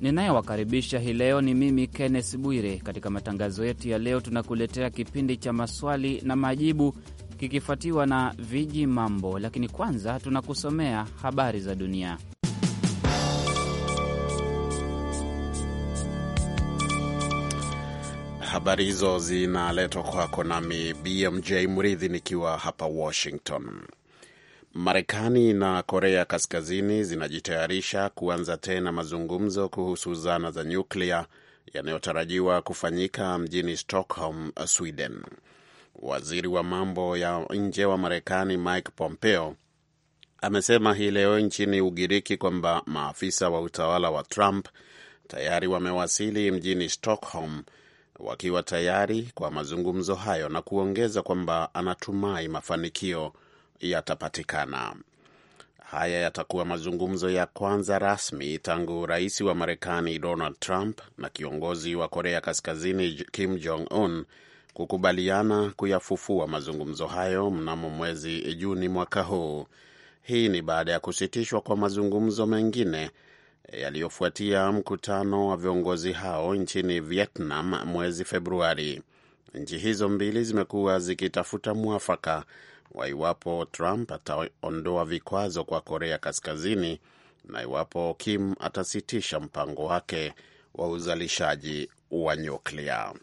Ninayewakaribisha hii leo ni mimi Kenneth Bwire. Katika matangazo yetu ya leo, tunakuletea kipindi cha maswali na majibu kikifuatiwa na viji mambo, lakini kwanza tunakusomea habari za dunia. Habari hizo zinaletwa kwako nami BMJ Mridhi nikiwa hapa Washington. Marekani na Korea Kaskazini zinajitayarisha kuanza tena mazungumzo kuhusu zana za nyuklia yanayotarajiwa kufanyika mjini Stockholm, Sweden. Waziri wa mambo ya nje wa Marekani Mike Pompeo amesema hii leo nchini Ugiriki kwamba maafisa wa utawala wa Trump tayari wamewasili mjini Stockholm wakiwa tayari kwa mazungumzo hayo na kuongeza kwamba anatumai mafanikio yatapatikana. Haya yatakuwa mazungumzo ya kwanza rasmi tangu rais wa Marekani Donald Trump na kiongozi wa Korea Kaskazini Kim Jong Un kukubaliana kuyafufua mazungumzo hayo mnamo mwezi Juni mwaka huu. Hii ni baada ya kusitishwa kwa mazungumzo mengine yaliyofuatia mkutano wa viongozi hao nchini Vietnam mwezi Februari. Nchi hizo mbili zimekuwa zikitafuta mwafaka wa iwapo Trump ataondoa vikwazo kwa Korea Kaskazini na iwapo Kim atasitisha mpango wake wa uzalishaji wa nyuklia.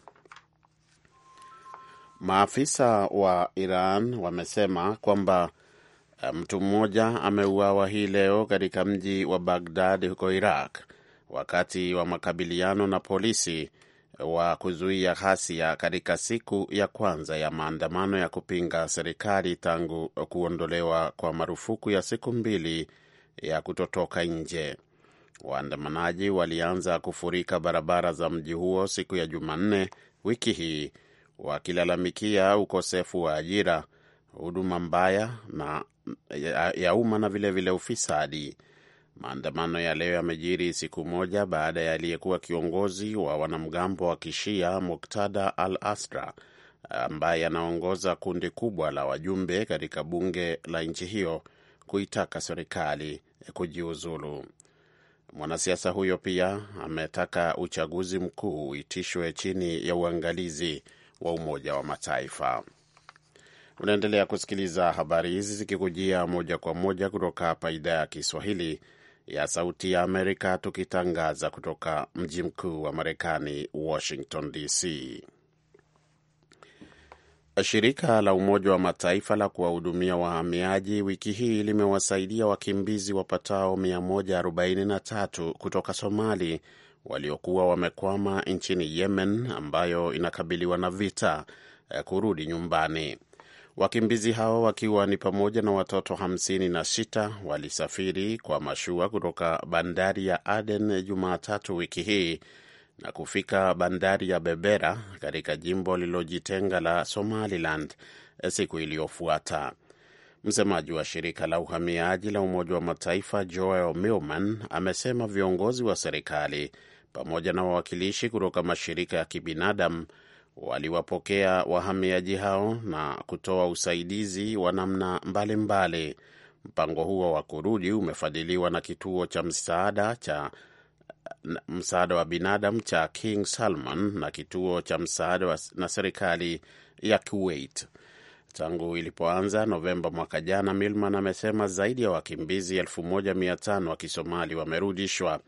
Maafisa wa Iran wamesema kwamba eh, mtu mmoja ameuawa hii leo katika mji wa Bagdad huko Iraq wakati wa makabiliano na polisi wa kuzuia ghasia katika siku ya kwanza ya maandamano ya kupinga serikali tangu kuondolewa kwa marufuku ya siku mbili ya kutotoka nje. Waandamanaji walianza kufurika barabara za mji huo siku ya Jumanne wiki hii wakilalamikia ukosefu wa ajira, huduma mbaya na ya umma na vilevile vile ufisadi. Maandamano ya leo yamejiri siku moja baada ya aliyekuwa kiongozi wa wanamgambo wa kishia Muktada al Asra ambaye anaongoza kundi kubwa la wajumbe katika bunge la nchi hiyo kuitaka serikali kujiuzulu. Mwanasiasa huyo pia ametaka uchaguzi mkuu uitishwe chini ya uangalizi wa Umoja wa Mataifa. Unaendelea kusikiliza habari hizi zikikujia moja kwa moja kutoka hapa idhaa ya Kiswahili ya Sauti ya Amerika, tukitangaza kutoka mji mkuu wa Marekani, Washington DC. Shirika la Umoja wa Mataifa la kuwahudumia wahamiaji wiki hii limewasaidia wakimbizi wapatao 143 kutoka Somali waliokuwa wamekwama nchini Yemen ambayo inakabiliwa na vita eh, kurudi nyumbani. Wakimbizi hao wakiwa ni pamoja na watoto hamsini na sita walisafiri kwa mashua kutoka bandari ya Aden Jumatatu wiki hii na kufika bandari ya bebera katika jimbo lililojitenga la Somaliland siku iliyofuata. Msemaji wa shirika la uhamiaji la Umoja wa Mataifa Joel milman amesema viongozi wa serikali pamoja na wawakilishi kutoka mashirika ya kibinadamu waliwapokea wahamiaji hao na kutoa usaidizi wa namna mbalimbali. Mpango huo wa kurudi umefadhiliwa na kituo cha msaada cha msaada wa binadamu cha King Salman na kituo cha msaada na serikali ya Kuwait. Tangu ilipoanza Novemba mwaka jana, Milman amesema zaidi ya wakimbizi 1500 wa Kisomali wamerudishwa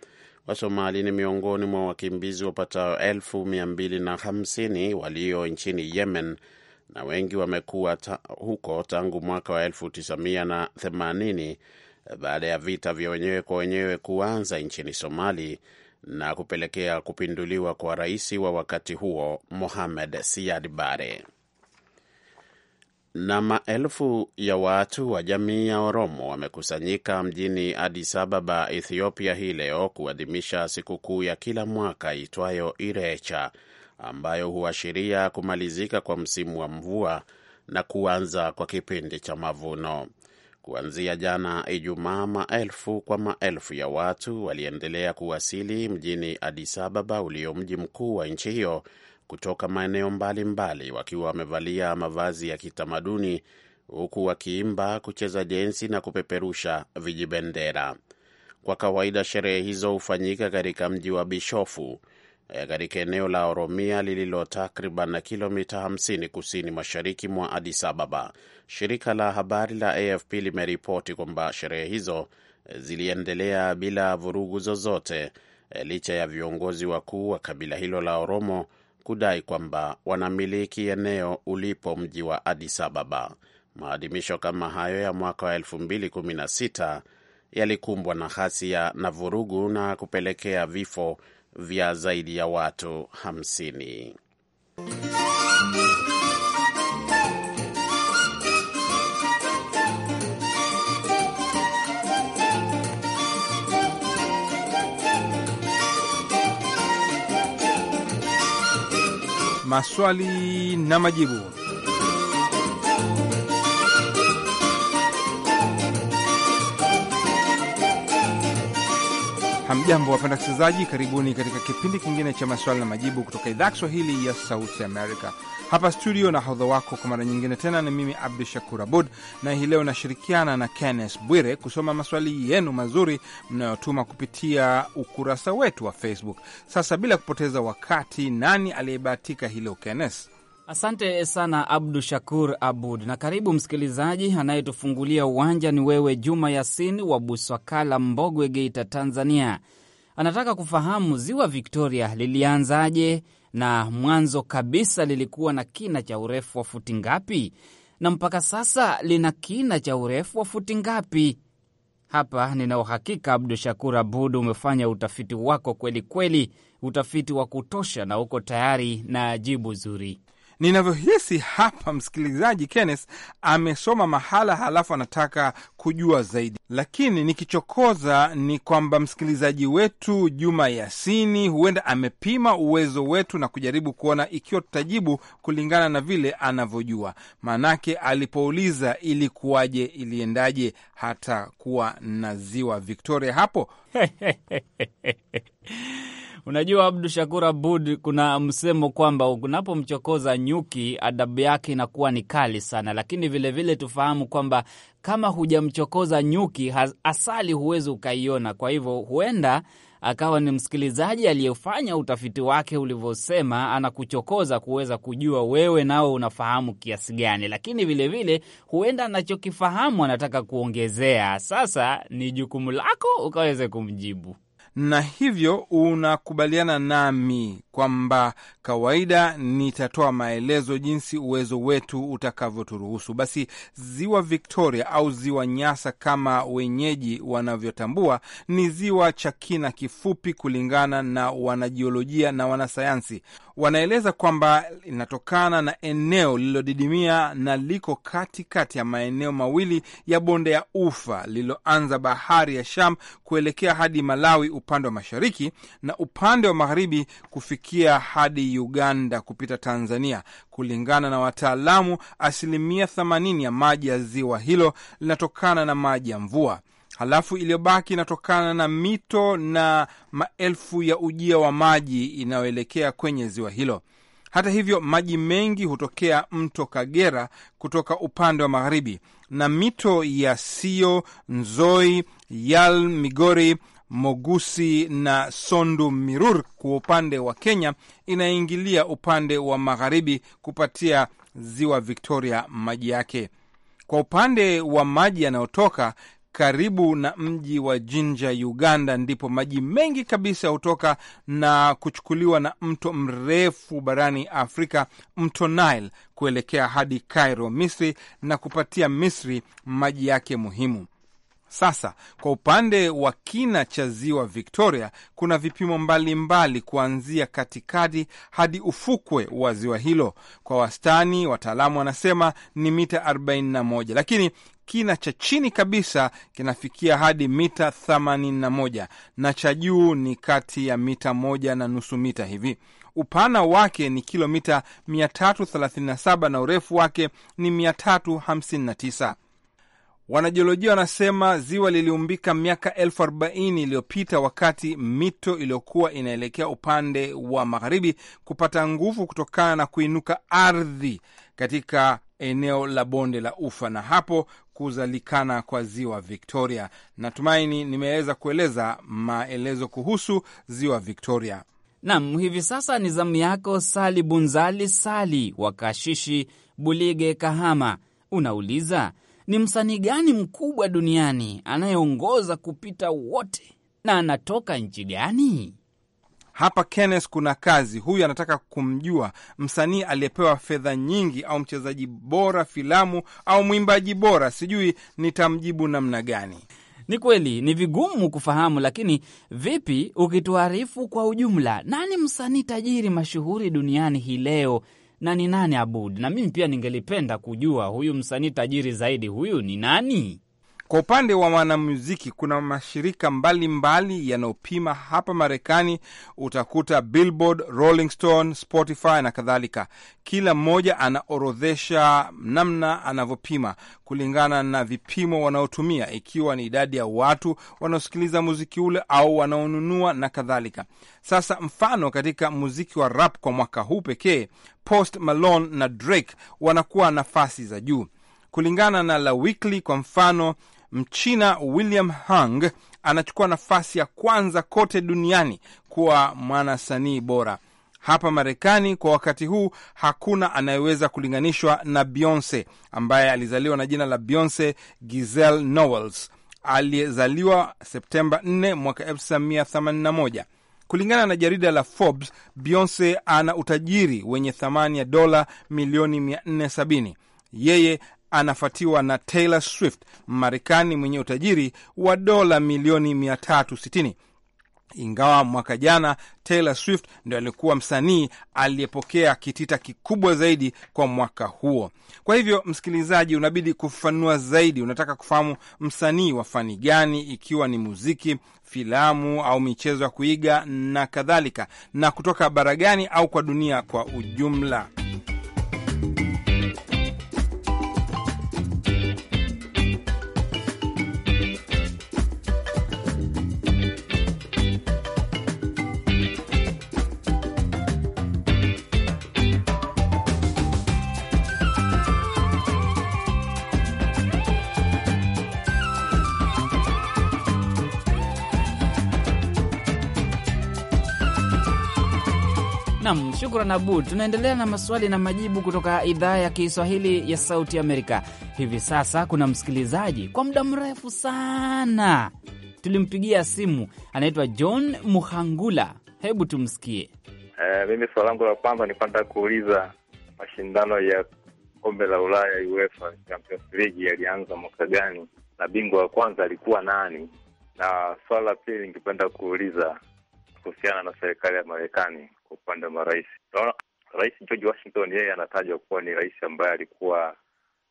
wa somali ni miongoni mwa wakimbizi wapatao elfu mia mbili na hamsini walio nchini Yemen na wengi wamekuwa ta huko tangu mwaka wa 1980 baada ya vita vya wenyewe kwa wenyewe kuanza nchini Somali na kupelekea kupinduliwa kwa rais wa wakati huo Mohamed Siad Barre. Na maelfu ya watu wa jamii ya Oromo wamekusanyika mjini Addis Ababa, Ethiopia, hii leo kuadhimisha sikukuu ya kila mwaka itwayo Irecha, ambayo huashiria kumalizika kwa msimu wa mvua na kuanza kwa kipindi cha mavuno. Kuanzia jana Ijumaa, maelfu kwa maelfu ya watu waliendelea kuwasili mjini Addis Ababa, ulio mji mkuu wa nchi hiyo kutoka maeneo mbalimbali wakiwa wamevalia mavazi ya kitamaduni huku wakiimba, kucheza densi na kupeperusha vijibendera. Kwa kawaida sherehe hizo hufanyika katika mji wa Bishofu eh, katika eneo la Oromia lililo takriban kilomita 50 kusini mashariki mwa Addis Ababa. Shirika la habari la AFP limeripoti kwamba sherehe hizo eh, ziliendelea bila vurugu zozote eh, licha ya viongozi wakuu wa kabila hilo la Oromo kudai kwamba wanamiliki eneo ulipo mji wa Addis Ababa. Maadhimisho kama hayo ya mwaka wa 2016 yalikumbwa na ghasia na vurugu na kupelekea vifo vya zaidi ya watu 50. maswali na majibu. Hamjambo, wapenda wasikilizaji, karibuni katika kipindi kingine cha maswali na majibu kutoka idhaa ya Kiswahili ya Sauti Amerika hapa studio. Na hodho wako kwa mara nyingine tena ni mimi Abdu Shakur Abud, na hii leo nashirikiana na Kenneth Bwire kusoma maswali yenu mazuri mnayotuma kupitia ukurasa wetu wa Facebook. Sasa bila kupoteza wakati, nani aliyebahatika leo, Kenneth? Asante sana Abdu Shakur Abud, na karibu msikilizaji. Anayetufungulia uwanja ni wewe Juma Yasin wa Buswakala, Mbogwe, Geita, Tanzania. Anataka kufahamu ziwa Victoria lilianzaje na mwanzo kabisa lilikuwa na kina cha urefu wa futi ngapi, na mpaka sasa lina kina cha urefu wa futi ngapi? Hapa nina uhakika Abdu Shakur Abud umefanya utafiti wako kweli kweli, utafiti wa kutosha, na uko tayari na jibu zuri. Ninavyohisi hapa, msikilizaji Kennes amesoma mahala, halafu anataka kujua zaidi, lakini nikichokoza ni kwamba msikilizaji wetu Juma Yasini huenda amepima uwezo wetu na kujaribu kuona ikiwa tutajibu kulingana na vile anavyojua, maanake alipouliza ilikuwaje, iliendaje hata kuwa na ziwa Victoria hapo Unajua Abdu Shakur Abud, kuna msemo kwamba unapomchokoza nyuki adabu yake inakuwa ni kali sana, lakini vilevile vile tufahamu kwamba kama hujamchokoza nyuki, asali huwezi ukaiona. Kwa hivyo huenda akawa ni msikilizaji aliyefanya utafiti wake ulivyosema, anakuchokoza kuweza kujua wewe nao unafahamu kiasi gani, lakini vilevile huenda anachokifahamu anataka kuongezea. Sasa ni jukumu lako ukaweze kumjibu na hivyo unakubaliana nami kwamba kawaida nitatoa maelezo jinsi uwezo wetu utakavyoturuhusu. Basi ziwa Victoria au ziwa Nyasa kama wenyeji wanavyotambua ni ziwa cha kina kifupi, kulingana na wanajiolojia na wanasayansi wanaeleza kwamba inatokana na eneo lililodidimia na liko katikati kati ya maeneo mawili ya bonde ya ufa lililoanza bahari ya Sham kuelekea hadi Malawi upande wa mashariki na upande wa magharibi kufikia hadi Uganda kupita Tanzania. Kulingana na wataalamu, asilimia 80 ya maji ya ziwa hilo linatokana na maji ya mvua halafu iliyobaki inatokana na mito na maelfu ya ujia wa maji inayoelekea kwenye ziwa hilo. Hata hivyo, maji mengi hutokea mto Kagera kutoka upande wa magharibi na mito ya Sio, Nzoi, Yal, Migori Mogusi na Sondu Mirur kwa upande wa Kenya inaingilia upande wa magharibi kupatia ziwa Victoria maji yake. Kwa upande wa maji yanayotoka karibu na mji wa Jinja, Uganda, ndipo maji mengi kabisa hutoka na kuchukuliwa na mto mrefu barani Afrika, mto Nile, kuelekea hadi Cairo, Misri, na kupatia Misri maji yake muhimu. Sasa kwa upande wa kina cha ziwa Victoria kuna vipimo mbalimbali mbali kuanzia katikati hadi ufukwe wa ziwa hilo. Kwa wastani, wataalamu wanasema ni mita 41, lakini kina cha chini kabisa kinafikia hadi mita 81 na cha juu ni kati ya mita moja na nusu mita hivi. Upana wake ni kilomita 337 na urefu wake ni 359. Wanajiolojia wanasema ziwa liliumbika miaka elfu arobaini iliyopita wakati mito iliyokuwa inaelekea upande wa magharibi kupata nguvu kutokana na kuinuka ardhi katika eneo la bonde la Ufa na hapo kuzalikana kwa ziwa Victoria. Natumaini nimeweza kueleza maelezo kuhusu ziwa Victoria. Nam, hivi sasa ni zamu yako Sali Bunzali Sali wa Kashishi Bulige, Kahama. Unauliza, ni msanii gani mkubwa duniani anayeongoza kupita wote na anatoka nchi gani? Hapa Kenneth, kuna kazi. Huyu anataka kumjua msanii aliyepewa fedha nyingi, au mchezaji bora filamu, au mwimbaji bora. Sijui nitamjibu namna gani. Ni kweli ni vigumu kufahamu, lakini vipi ukituarifu kwa ujumla, nani msanii tajiri mashuhuri duniani hii leo na ni nani Abud? Na mimi pia ningelipenda kujua huyu msanii tajiri zaidi, huyu ni nani? Kwa upande wa wanamuziki, kuna mashirika mbalimbali yanayopima hapa Marekani. Utakuta Billboard, Rolling Stone, Spotify na kadhalika. Kila mmoja anaorodhesha namna anavyopima kulingana na vipimo wanaotumia, ikiwa ni idadi ya watu wanaosikiliza muziki ule au wanaonunua na kadhalika. Sasa mfano katika muziki wa rap kwa mwaka huu pekee, Post Malone na Drake wanakuwa nafasi za juu kulingana na La Weekly. Kwa mfano Mchina William Hung anachukua nafasi ya kwanza kote duniani kuwa mwanasanii bora. Hapa Marekani kwa wakati huu hakuna anayeweza kulinganishwa na Beyonce ambaye alizaliwa na jina la Beyonce Giselle Knowles aliyezaliwa Septemba 4 mwaka 1981. Kulingana na jarida la Forbes, Beyonce ana utajiri wenye thamani ya dola milioni 470. Yeye anafuatiwa na Taylor Swift, Marekani mwenye utajiri wa dola milioni 360 ingawa mwaka jana Taylor Swift ndio alikuwa msanii aliyepokea kitita kikubwa zaidi kwa mwaka huo. Kwa hivyo, msikilizaji, unabidi kufafanua zaidi, unataka kufahamu msanii wa fani gani, ikiwa ni muziki, filamu au michezo ya kuiga na kadhalika, na kutoka bara gani au kwa dunia kwa ujumla. Shukran Abud. Tunaendelea na maswali na majibu kutoka idhaa ya Kiswahili ya Sauti Amerika. Hivi sasa kuna msikilizaji kwa muda mrefu sana tulimpigia simu, anaitwa John Muhangula. Hebu tumsikie. Uh, mimi swali langu la kwanza ni kwenda kuuliza mashindano ya kombe la Ulaya UEFA Champions League yalianza mwaka gani na bingwa wa kwanza alikuwa nani? Na swala la pili ningependa kuuliza kuhusiana na serikali ya Marekani kwa upande wa marais. Unaona, Rais George Washington yeye anatajwa kuwa ni rais ambaye alikuwa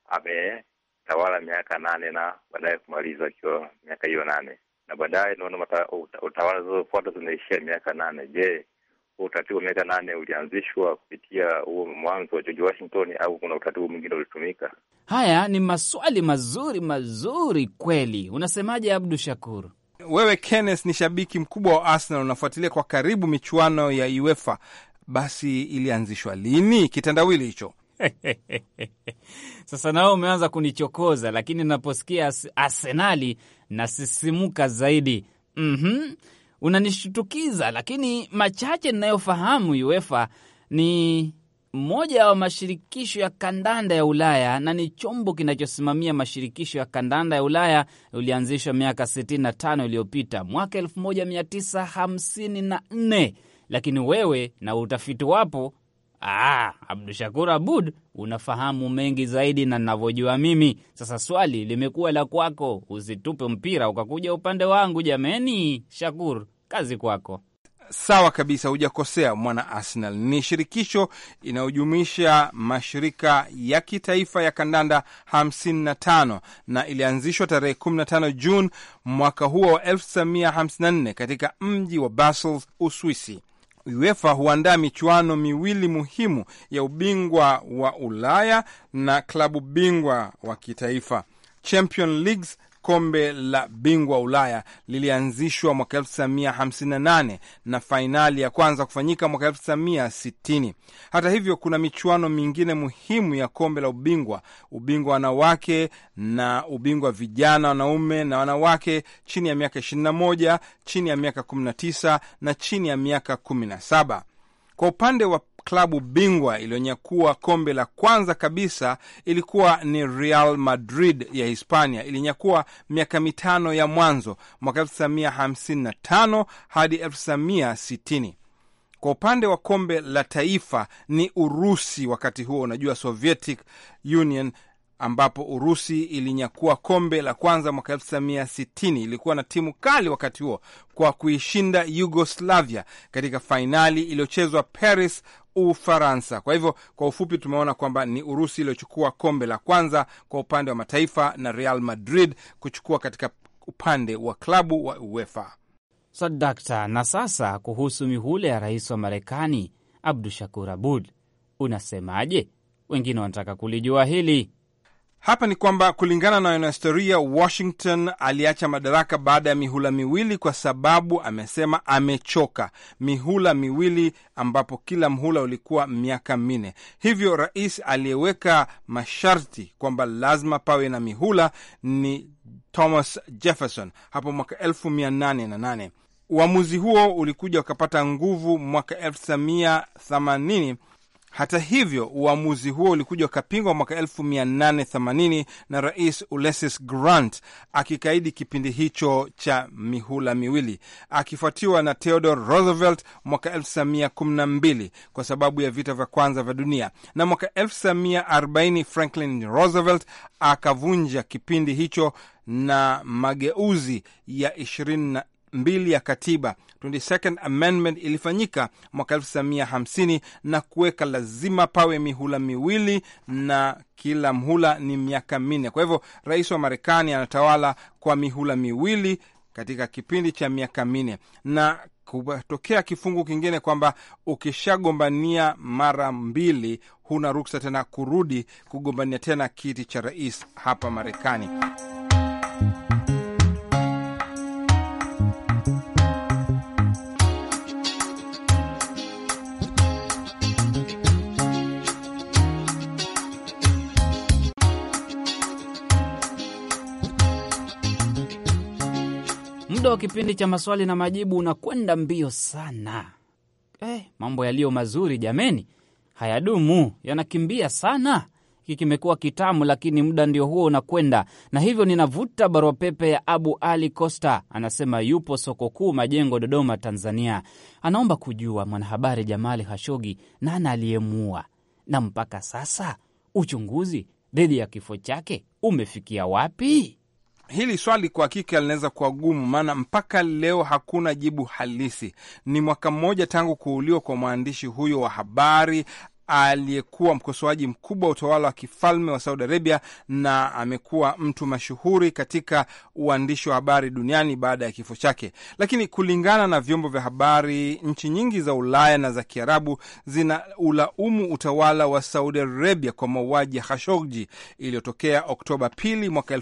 ametawala miaka nane na baadaye kumaliza akiwa miaka hiyo nane na baadaye naona utawala zilizofuata zinaishia miaka nane. Je, huu utaratibu wa miaka nane ulianzishwa kupitia huo mwanzo wa George Washington au kuna utaratibu mwingine ulitumika? Haya ni maswali mazuri mazuri kweli. Unasemaje, Abdu Shakur? wewe Kenneth ni shabiki mkubwa wa Arsenal, unafuatilia kwa karibu michuano ya UEFA. Basi ilianzishwa lini kitandawili hicho? Sasa nao umeanza kunichokoza, lakini naposikia Arsenali nasisimuka zaidi. mm -hmm. Unanishutukiza, lakini machache ninayofahamu UEFA ni moja wa mashirikisho ya kandanda ya Ulaya na ni chombo kinachosimamia mashirikisho ya kandanda ya Ulaya. Ulianzishwa miaka 65 iliyopita mwaka 1954, lakini wewe na utafiti wapo Ah, Abdu Shakur Abud, unafahamu mengi zaidi na navyojua mimi. Sasa swali limekuwa la kwako, usitupe mpira ukakuja upande wangu. Jameni, Shakur, kazi kwako. Sawa kabisa, hujakosea mwana Arsenal. Ni shirikisho inayojumuisha mashirika ya kitaifa ya kandanda 55 na ilianzishwa tarehe 15 Juni mwaka huo wa 1954 katika mji wa Basel, Uswisi. UEFA huandaa michuano miwili muhimu ya ubingwa wa Ulaya na klabu bingwa wa kitaifa Champion Leagues kombe la bingwa Ulaya lilianzishwa mwaka 1958 na fainali ya kwanza kufanyika mwaka 1960. Hata hivyo, kuna michuano mingine muhimu ya kombe la ubingwa, ubingwa wanawake na ubingwa vijana, wanaume na wanawake chini ya miaka 21, chini ya miaka 19 na chini ya miaka 17. Kwa upande wa klabu bingwa iliyonyakua kombe la kwanza kabisa ilikuwa ni Real Madrid ya Hispania. Ilinyakua miaka mitano ya mwanzo mwaka 1955 hadi 1960. Kwa upande wa kombe la taifa ni Urusi, wakati huo unajua Sovietic Union ambapo Urusi ilinyakua kombe la kwanza mwaka 1960. Ilikuwa na timu kali wakati huo kwa kuishinda Yugoslavia katika fainali iliyochezwa Paris Ufaransa. Kwa hivyo kwa ufupi, tumeona kwamba ni Urusi iliyochukua kombe la kwanza kwa upande wa mataifa na Real Madrid kuchukua katika upande wa klabu wa UEFA. Sadakta. Na sasa kuhusu mihule ya rais wa Marekani Abdu Shakur Abud, unasemaje? Wengine wanataka kulijua hili. Hapa ni kwamba kulingana na wanahistoria, Washington aliacha madaraka baada ya mihula miwili kwa sababu amesema amechoka mihula miwili ambapo kila mhula ulikuwa miaka minne. Hivyo rais aliyeweka masharti kwamba lazima pawe na mihula ni Thomas Jefferson hapo mwaka 1808. Uamuzi huo ulikuja ukapata nguvu mwaka hata hivyo uamuzi huo ulikuja ukapingwa mwaka 1880 na Rais Ulysses Grant akikaidi kipindi hicho cha mihula miwili, akifuatiwa na Theodore Roosevelt mwaka 1912 kwa sababu ya vita vya kwanza vya dunia, na mwaka 1940 Franklin Roosevelt akavunja kipindi hicho na mageuzi ya mbili ya katiba 22nd Amendment ilifanyika mwaka 1950 na kuweka lazima pawe mihula miwili na kila mhula ni miaka minne. Kwa hivyo rais wa Marekani anatawala kwa mihula miwili katika kipindi cha miaka minne na kutokea kifungu kingine kwamba ukishagombania mara mbili huna ruksa tena kurudi kugombania tena kiti cha rais hapa Marekani. kipindi cha maswali na majibu unakwenda mbio sana. Eh, mambo yaliyo mazuri jameni, hayadumu, yanakimbia sana. Hiki kimekuwa kitamu, lakini muda ndio huo unakwenda, na hivyo ninavuta barua pepe ya Abu Ali Costa. Anasema yupo soko kuu Majengo, Dodoma, Tanzania. Anaomba kujua mwanahabari Jamali hashogi nana aliyemuua, na mpaka sasa uchunguzi dhidi ya kifo chake umefikia wapi? Hili swali kwa hakika linaweza kuwa gumu, maana mpaka leo hakuna jibu halisi. Ni mwaka mmoja tangu kuuliwa kwa mwandishi huyo wa habari aliyekuwa mkosoaji mkubwa wa utawala wa kifalme wa Saudi Arabia na amekuwa mtu mashuhuri katika uandishi wa habari duniani baada ya kifo chake. Lakini kulingana na vyombo vya habari, nchi nyingi za Ulaya na za Kiarabu zina ulaumu utawala wa Saudi Arabia kwa mauaji ya Khashoggi iliyotokea Oktoba pili mwaka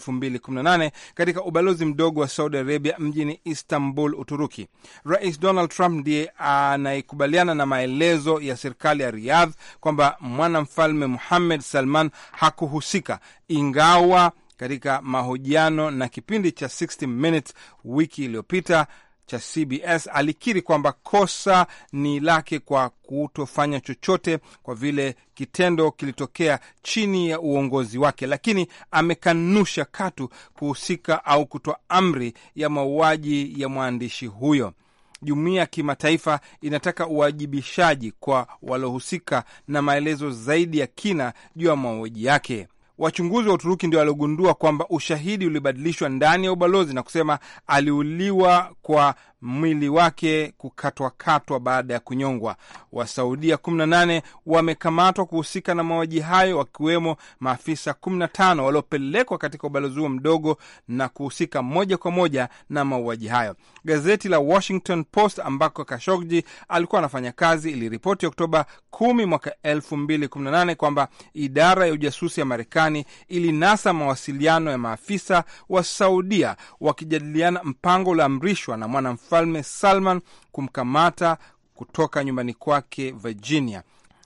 nane katika ubalozi mdogo wa Saudi Arabia mjini Istanbul, Uturuki. Rais Donald Trump ndiye anayekubaliana na maelezo ya serikali ya Riyadh kwamba mwanamfalme Muhammed Salman hakuhusika, ingawa katika mahojiano na kipindi cha 60 Minutes wiki iliyopita cha CBS alikiri kwamba kosa ni lake kwa kutofanya chochote kwa vile kitendo kilitokea chini ya uongozi wake, lakini amekanusha katu kuhusika au kutoa amri ya mauaji ya mwandishi huyo jumuiya ya kimataifa inataka uwajibishaji kwa waliohusika na maelezo zaidi ya kina juu ya mauaji yake. Wachunguzi wa Uturuki ndio waliogundua kwamba ushahidi ulibadilishwa ndani ya ubalozi na kusema aliuliwa kwa mwili wake kukatwakatwa baada ya kunyongwa. Wasaudia 18 wamekamatwa kuhusika na mauaji hayo, wakiwemo maafisa 15 waliopelekwa katika ubalozi huo mdogo na kuhusika moja kwa moja na mauaji hayo. Gazeti la Washington Post ambako Kashogji alikuwa anafanya kazi iliripoti Oktoba 10 mwaka 2018 kwamba idara ya ujasusi ya Marekani ilinasa mawasiliano ya maafisa wa Saudia wakijadiliana mpango ulioamrishwa na mwana Mfalme Salman kumkamata kutoka nyumbani kwake Virginia,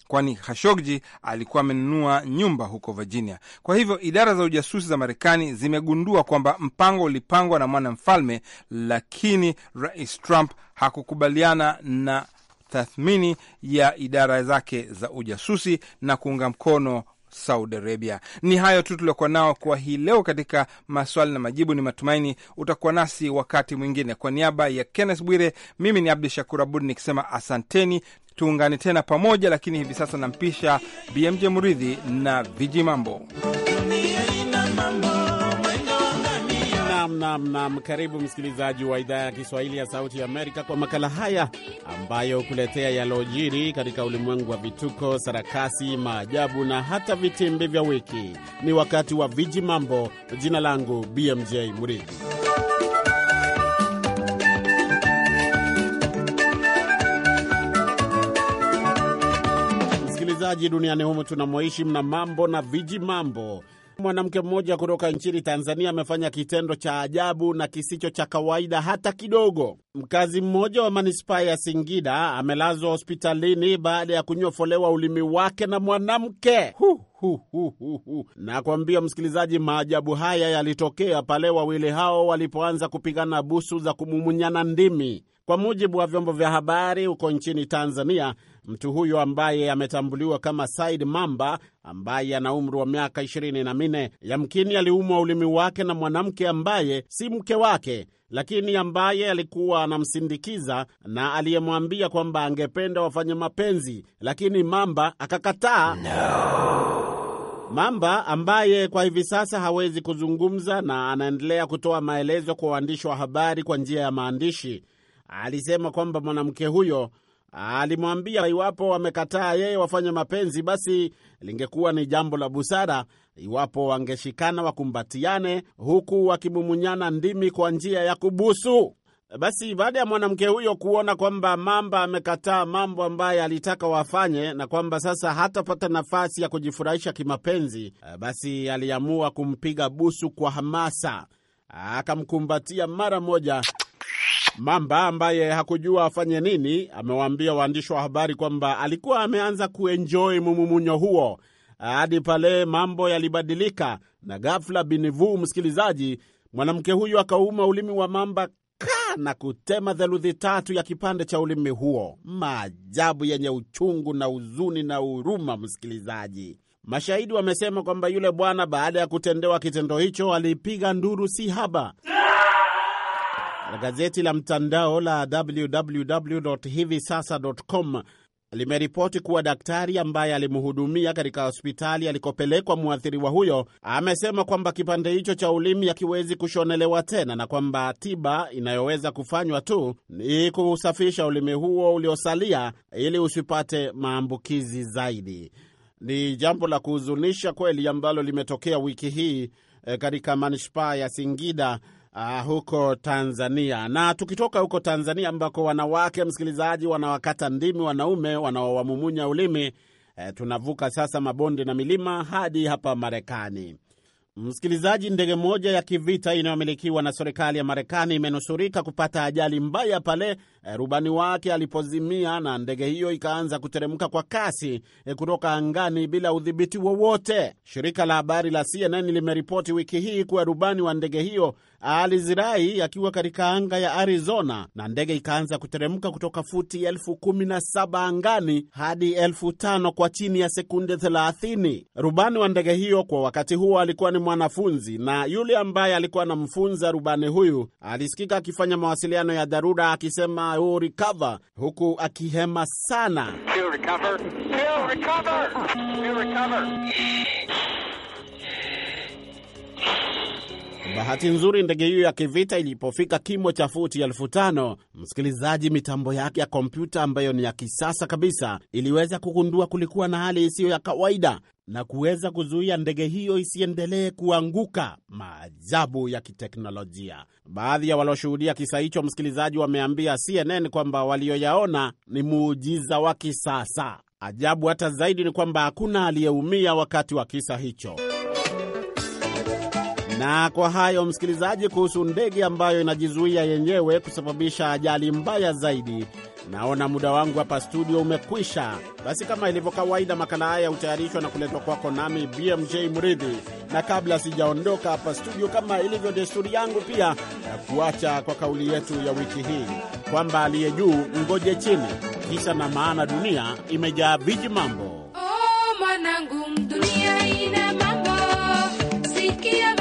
kwani Khashoggi alikuwa amenunua nyumba huko Virginia. Kwa hivyo idara za ujasusi za Marekani zimegundua kwamba mpango ulipangwa na mwanamfalme, lakini Rais Trump hakukubaliana na tathmini ya idara zake za ujasusi na kuunga mkono Saudi Arabia. Ni hayo tu tuliokuwa nao kwa hii leo katika maswali na majibu. Ni matumaini utakuwa nasi wakati mwingine. Kwa niaba ya Kenneth Bwire, mimi ni Abdu Shakur Abud nikisema asanteni, tuungane tena pamoja, lakini hivi sasa nampisha BMJ Muridhi na Viji Mambo. nam nam. Karibu msikilizaji wa idhaa ya Kiswahili ya Sauti ya Amerika kwa makala haya ambayo hukuletea yalojiri katika ulimwengu wa vituko, sarakasi, maajabu na hata vitimbi vya wiki. Ni wakati wa viji mambo. Jina langu BMJ Mridhi. Msikilizaji, duniani humu tunamoishi mna mambo na viji mambo Mwanamke mmoja kutoka nchini Tanzania amefanya kitendo cha ajabu na kisicho cha kawaida hata kidogo. Mkazi mmoja wa manispaa ya Singida amelazwa hospitalini baada ya kunyofolewa ulimi wake na mwanamke. nakuambia Nakwambia msikilizaji, maajabu haya yalitokea pale wawili hao walipoanza kupigana busu za kumumunyana ndimi. Kwa mujibu wa vyombo vya habari huko nchini Tanzania, Mtu huyo ambaye ametambuliwa kama Said Mamba, ambaye ana umri wa miaka ishirini na minne, yamkini aliumwa ulimi wake na mwanamke ambaye si mke wake, lakini ambaye alikuwa anamsindikiza na aliyemwambia kwamba angependa wafanye mapenzi, lakini Mamba akakataa no. Mamba ambaye kwa hivi sasa hawezi kuzungumza na anaendelea kutoa maelezo kwa waandishi wa habari kwa njia ya maandishi, alisema kwamba mwanamke huyo alimwambia iwapo wamekataa yeye wafanye mapenzi, basi lingekuwa ni jambo la busara iwapo wangeshikana wakumbatiane, huku wakimumunyana ndimi kwa njia ya kubusu. Basi baada ya mwanamke huyo kuona kwamba mamba amekataa mambo ambayo alitaka wafanye na kwamba sasa hatapata nafasi ya kujifurahisha kimapenzi, basi aliamua kumpiga busu kwa hamasa, akamkumbatia mara moja Mamba ambaye hakujua afanye nini, amewaambia waandishi wa habari kwamba alikuwa ameanza kuenjoi mumumunyo huo hadi pale mambo yalibadilika, na ghafla binivu, msikilizaji, mwanamke huyu akauma ulimi wa mamba kaa na kutema theluthi tatu ya kipande cha ulimi huo. Maajabu yenye uchungu na huzuni na huruma, msikilizaji. Mashahidi wamesema kwamba yule bwana baada ya kutendewa kitendo hicho alipiga nduru si haba Gazeti la mtandao la www hivi com limeripoti kuwa daktari ambaye alimhudumia katika hospitali alikopelekwa mwathiriwa huyo amesema kwamba kipande hicho cha ulimi hakiwezi kushonelewa tena na kwamba tiba inayoweza kufanywa tu ni kusafisha ulimi huo uliosalia ili usipate maambukizi zaidi. Ni jambo la kuhuzunisha kweli ambalo limetokea wiki hii eh, katika manispaa ya Singida uh, huko Tanzania. Na tukitoka huko Tanzania ambako wanawake, msikilizaji, wanawakata ndimi wanaume wanaowamumunya ulimi, eh, tunavuka sasa mabonde na milima hadi hapa Marekani. Msikilizaji, ndege moja ya kivita inayomilikiwa na serikali ya Marekani imenusurika kupata ajali mbaya pale eh, rubani wake alipozimia na ndege hiyo ikaanza kuteremka kwa kasi eh, kutoka angani bila udhibiti wowote. Shirika la habari la CNN limeripoti wiki hii kuwa rubani wa ndege hiyo alizirai akiwa katika anga ya Arizona na ndege ikaanza kuteremka kutoka futi elfu kumi na saba angani hadi elfu tano kwa chini ya sekunde 30. Rubani wa ndege hiyo kwa wakati huo alikuwa ni mwanafunzi, na yule ambaye alikuwa anamfunza rubani huyu alisikika akifanya mawasiliano ya dharura akisema oh, recover, huku akihema sana. recover. recover. recover. Bahati nzuri ndege hiyo ya kivita ilipofika kimo cha futi elfu tano, msikilizaji, mitambo yake ya kompyuta ambayo ni ya kisasa kabisa iliweza kugundua kulikuwa na hali isiyo ya kawaida na kuweza kuzuia ndege hiyo isiendelee kuanguka. Maajabu ya kiteknolojia! Baadhi ya walioshuhudia kisa hicho, msikilizaji, wameambia CNN kwamba walioyaona ni muujiza wa kisasa. Ajabu hata zaidi ni kwamba hakuna aliyeumia wakati wa kisa hicho. Na kwa hayo, msikilizaji, kuhusu ndege ambayo inajizuia yenyewe kusababisha ajali mbaya zaidi, naona muda wangu hapa studio umekwisha. Basi kama ilivyo kawaida, makala haya hutayarishwa na kuletwa kwako nami BMJ Mridhi, na kabla sijaondoka hapa studio, kama ilivyo desturi yangu, pia ya kuacha kwa kauli yetu ya wiki hii kwamba aliye juu ngoje chini, kisha na maana dunia imejaa viji mambo. Oh, mwanangu, dunia ina mambo, sikia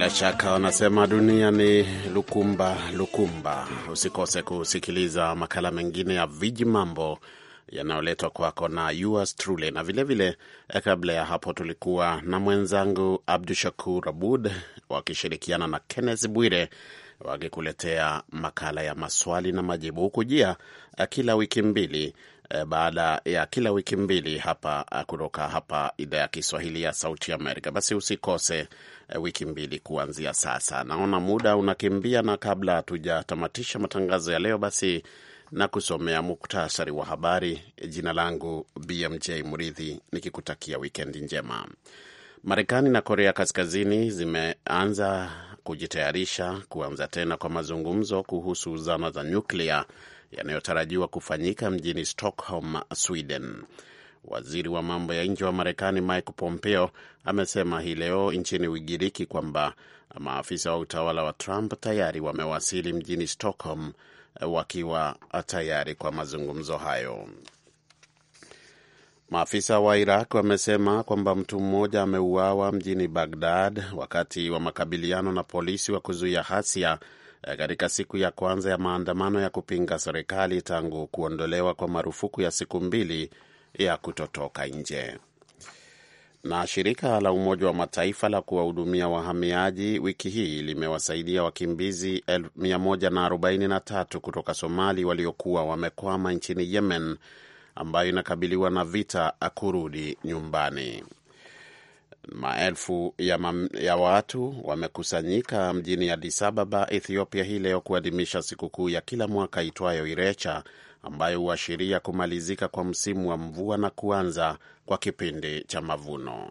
Bila shaka wanasema dunia ni lukumba lukumba. Usikose kusikiliza makala mengine ya viji mambo yanayoletwa kwako na yours truly, na vilevile vile, eh, kabla ya hapo tulikuwa na mwenzangu Abdu Shakur Abud wakishirikiana na Kenneth Bwire wakikuletea makala ya maswali na majibu hukujia eh, kila wiki mbili eh, baada ya kila wiki mbili hapa kutoka hapa idhaa ya Kiswahili ya Sauti Amerika. Basi usikose Eh, wiki mbili kuanzia sasa. Naona muda unakimbia, na kabla hatujatamatisha matangazo ya leo, basi na kusomea muktasari wa habari. Jina langu BMJ Murithi, nikikutakia wikendi njema. Marekani na Korea Kaskazini zimeanza kujitayarisha kuanza tena kwa mazungumzo kuhusu zana za nyuklia yanayotarajiwa kufanyika mjini Stockholm, Sweden. Waziri wa mambo ya nje wa Marekani Mike Pompeo amesema hii leo nchini Ugiriki kwamba maafisa wa utawala wa Trump tayari wamewasili mjini Stockholm eh, wakiwa tayari kwa mazungumzo hayo. Maafisa wa Iraq wamesema kwamba mtu mmoja ameuawa mjini Bagdad wakati wa makabiliano na polisi wa kuzuia hasia eh, katika siku ya kwanza ya maandamano ya kupinga serikali tangu kuondolewa kwa marufuku ya siku mbili ya kutotoka nje. Na shirika la Umoja wa Mataifa la kuwahudumia wahamiaji wiki hii limewasaidia wakimbizi 143 kutoka Somali waliokuwa wamekwama nchini Yemen ambayo inakabiliwa na vita kurudi nyumbani. Maelfu ya, mam, ya watu wamekusanyika mjini Addis Ababa, Ethiopia, hii leo kuadhimisha sikukuu ya kila mwaka itwayo Irecha, ambayo huashiria kumalizika kwa msimu wa mvua na kuanza kwa kipindi cha mavuno.